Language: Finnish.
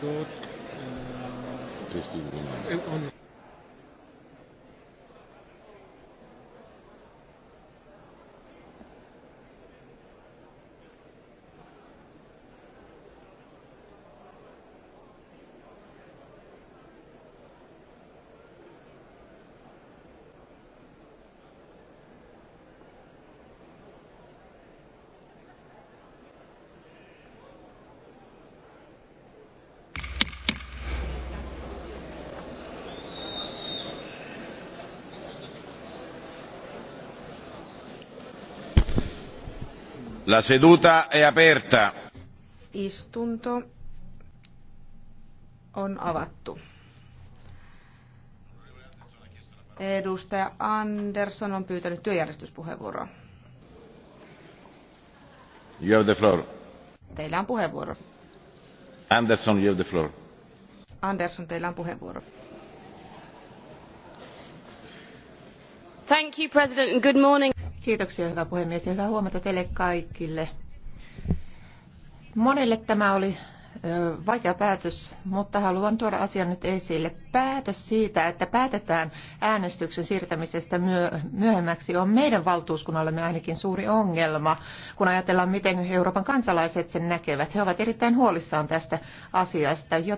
vote. Uh, 15 eh, on. La seduta è aperta. Istunto on avattu. Edustaja Andersson on pyytänyt työjärjestyspuheenvuoroa. You have the floor. Teillä on puheenvuoro. Andersson, you have the floor. Andersson, teillä on puheenvuoro. Thank you, President, and good morning. Kiitoksia, hyvä puhemies, ja hyvää huomenta teille kaikille. Monelle tämä oli vaikea päätös, mutta haluan tuoda asian nyt esille. Päätös siitä, että päätetään äänestyksen siirtämisestä myöhemmäksi, on meidän valtuuskunnallemme ainakin suuri ongelma, kun ajatellaan, miten Euroopan kansalaiset sen näkevät. He ovat erittäin huolissaan tästä asiasta.